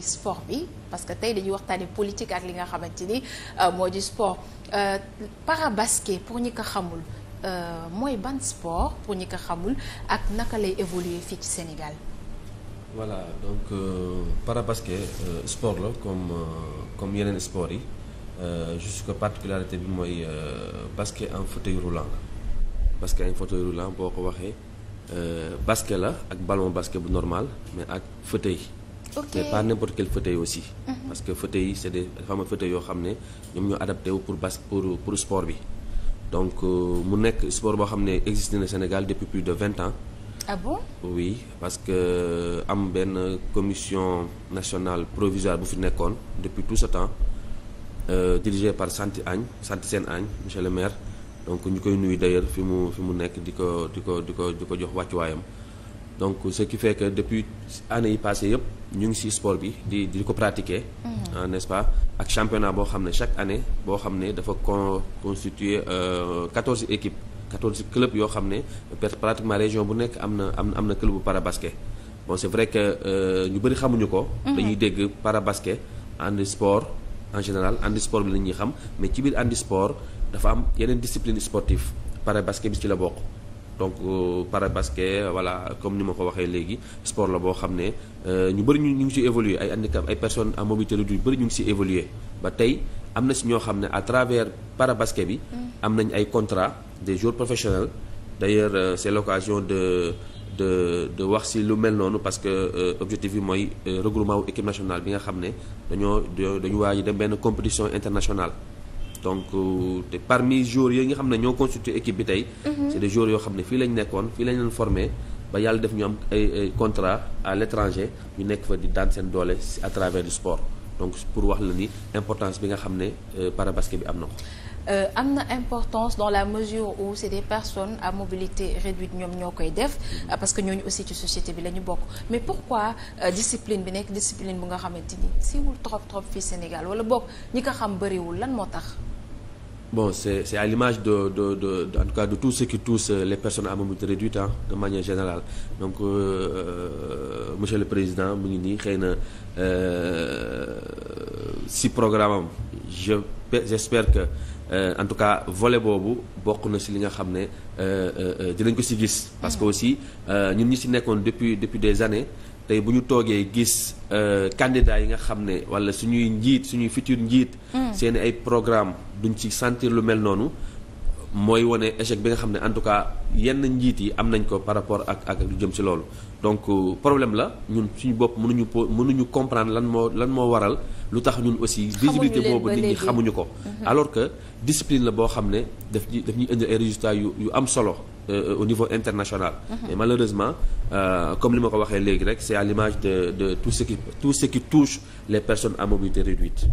sport bi parce que tey dañuy waxtaanee politique ak li nga xamante ni euh, moo di sport euh, parabasket pour ñi ko xamul euh, mooy ban sport pour ñi ko xamul ak naka lay évoluer fii ci Sénégal. voilà donc euh, parabasket euh, sport la comme comme yeneen sport yi juste que particularité bi mooy basket en fauteuil roulant la basket en fauteuil roulant boo ko waxee basket la ak ballon basket bu normal mais ak fauteuil. ok mais pas n'importe quel fauteuil aussi. Mhm. parce que fauteuil yi c'est des dafa am yoo xam ne ñoom ñoo adapté wu pour bas pour pour sport bi donc euh, mu nekk sport boo xam ne existe na Sénégal depuis plus de vingt ans. ah bon oui parce que euh, am benn commission nationale provisoire bu fi nekkoon depuis tous ce temps euh, dirigée par Santi Agne Santi seen Agne monsieur le maire donc ñu koy nuyu d'ailleurs fi mu fi mu nekk di ko di ko di ko di ko jox wàccuwaayam. donc ce qui fait que depuis année yi passé yëpp ñu ngi ci sport bi di di ko pratiquer. Mhm. Euh, n'est-ce pas ak championnat boo xam ne chaque année boo xam ne dafa con constituer euh, quatorze équipes quatorze clubs yoo xam ne pratiquement région bu nekk am na am am na club bu parabasket bon c'est vrai que euh, ñu bëri xamuñu ko. Mhm. dañuy dégg parabasket handisport en général sport bi la ñuy xam mais ci biir handisport dafa am yeneen discipline sportive parabasket bi ci la bokk. donc euh, parabasket voilà comme ni ma ko waxee léegi sport la boo xam ne euh, ñu bëri ñu ñu ngi ci évoluer ay handicap ay personnes à mobilité réduite ñu bëri ñu ngi si évoluer ba tey am na si ñoo xam ne à travers parabasket bi mm. am nañ ay contrat des joueurs professionnels d'ailleurs euh, c'est l'occasion de de de wax si lu mel noonu parce que euh, objectif bi mooy euh, regroupement wu équipe nationale bi nga xam ne dañoo dañu waaj dem benn compétition internationale donc euh, te parmi jour yi nga xam ne ñoo constitué équipe bi tey. Mhm. c'est des joueurs yoo xam ne fii lañ nekkoon fii lañ leen formé ba yàlla def ñu am contrat à l'étranger ñu nekk fa di daan seen doole à travers du sport donc pour wax la ni importance bi nga xam ne euh, parabasket bi am na ko. Euh, am na importance dans la mesure où c'est des personnes à mobilité réduite ñoom ñoo koy def mm-hmm. parce que ñooñu aussi ci société bi la ñu bokk mais pourquoi euh, discipline bi nekk discipline bu nga xamante ni siiwul trop trop fii Sénégal wala bokk ñi ko xam bariwul lan moo tax bon c'est c'est à l'image de, de de de en tout cas de tout ce qui touche euh, les personnes à mobilité réduite hein, de manière générale donc monsieur le président mu ngi nii xëy na si programme am j'espère que euh, en tout cas vole boobu bokk na si li nga xam ne euh, euh, euh, dinañ ko ci gis. parce que aussi ñun ñi si nekkoon depuis depuis des années tey bu ñu toogee gis candidat yi nga xam ne walla suñuy njiit suñuy futur njiit. Mm. seeni ay programme duñ ci sentir lu mel noonu. mooy wane échec bi nga xam ne en tout cas yenn njiit yi am nañ ko par rapport ak ak lu jëm ci loolu donc problème la ñun suñu bopp mënuñu po mënuñu comprendre lan moo lan moo waral. lu tax ñun aussi visibilité boobu nit ñi xamuñu ko mhm. alors que discipline la boo xam ne daf ñuy daf ñuy indi ay yu yu am solo euh, euh, au niveau international mais mhm. malheureusement euh, comme li ma ko waxee léegi rek c'est à l'image de tout ce qui tout les personnes à mobilité réduite